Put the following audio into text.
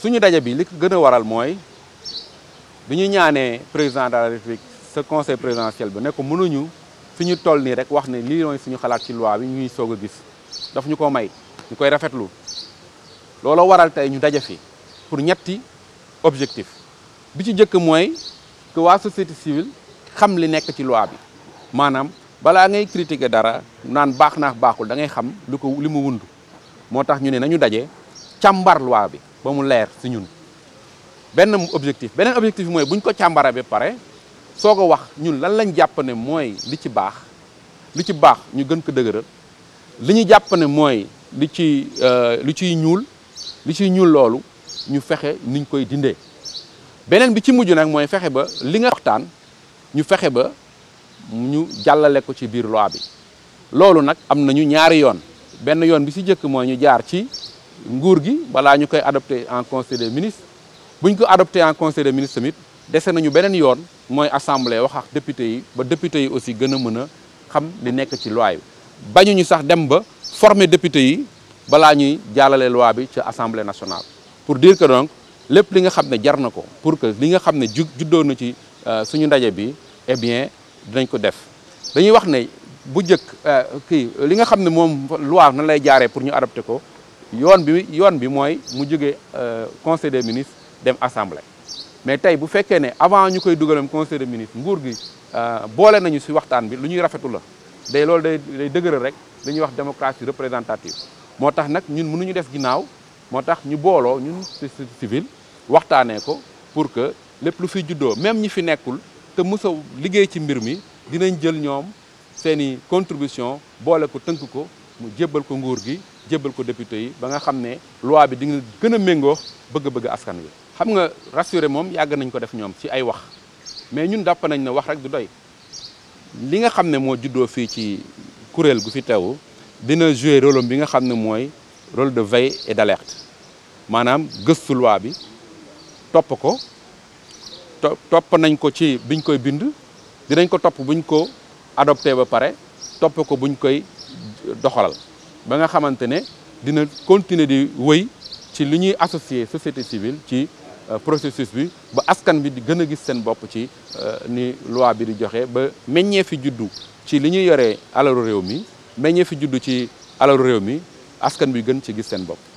suñu daje bi li ko gën a waral mooy bi ñu ñaanee président de la république ce conseil présidentiel bi ne ko mënuñu fi ñu toll nii rek wax ne lii mooy suñu xalaat ci loi bi ñuy soog a gis daf ñu ko may ñu koy rafetlu looloo waral tey ñu daje fi pour ñetti objectif bi ci jëkk mooy que waa société civile xam li nekk ci loi maanaam balaa ngay critiquer dara naan baax naax baaxul da ngay xam lu ko li mu wund moo tax ñu ne nañu daje càmbar loi bi ba mu leer si ñun benn objectif beneen objectif bi mooy buñ ko càmbara ba pare soog a wax ñun lan lañ jàpp ne mooy li ci baax lu ci baax ñu gën ko dëgëral li ñu jàpp ne mooy li ci euh, li ciy ñuul li ci ñuul loolu ñu fexe niñ koy dindee beneen bi ci mujj nag mooy fexe ba li nga waxtaan ñu fexe ba ñu jàllale ko ci biir loi bi loolu nag am nañu ñaari yoon benn yoon bi si njëkk mooy ñu jaar ci nguur gi balaa ñu koy adopté en conseil des ministres buñ ko adopté en conseil des ministres tamit dese nañu beneen yoon mooy assemblée wax ak député yi ba député yi aussi gën a mën a xam li nekk ci loi bi bañuñu sax dem ba former député yi balaa ñuy jàllale loi bi ci assemblée nationale pour dire que donc lépp li nga xam ne jar na ko pour que li nga xam ne ju juddoo na ci euh, suñu ndaje bi eh bien dinañ ko def dañuy wax ne bu njëkk euh, kii li nga xam ne moom lu loi na lay jaaree pour ñu adopté ko yoon bi yoon bi mooy mu jógee euh, conseil des ministre dem assemblée. mais tey bu fekkee ne avant ñu koy dugalam conseil des ministres nguur gi euh, boole nañu si waxtaan bi lu ñuy rafetu la day loolu day day dëgëral rek dañuy wax démocratie représentative moo tax nag ñun mënuñu def ginnaaw moo tax ñu booloo ñun société civile waxtaanee ko pour que lépp lu fiy juddoo même ñi fi nekkul. te mos liggéey ci mbir mi dinañ jël ñoom seen i contribution boole ko tënk ko mu jébbal ko nguur gi jébbal ko député yi ba nga xam ne loi bi di nga gën a méngoo bëgg askan wi. xam nga rassuré moom yàgg nañ ko def ñoom si ay wax mais ñun dàpp nañ ne wax rek du doy li nga xam ne moo juddoo fii ci kuréel gu fi teewu dina jouer rôle bi nga xam ne mooy rôle de veille et d'alerte maanaam gëstu loi bi topp ko. topp nañ ko ci biñ koy bind dinañ ko topp buñ ko adopté ba pare topp ko buñ koy doxalal ba nga xamante ne dina continuer di wéy ci li ñuy associer société civile ci euh, processus bi ba askan bi di gën a gis seen bopp ci euh, ni loi bi di joxe ba meññee fi juddu ci li ñuy yoree alalu réew mi meññee fi juddu ci alalu réew mi askan bi gën ci gis seen bopp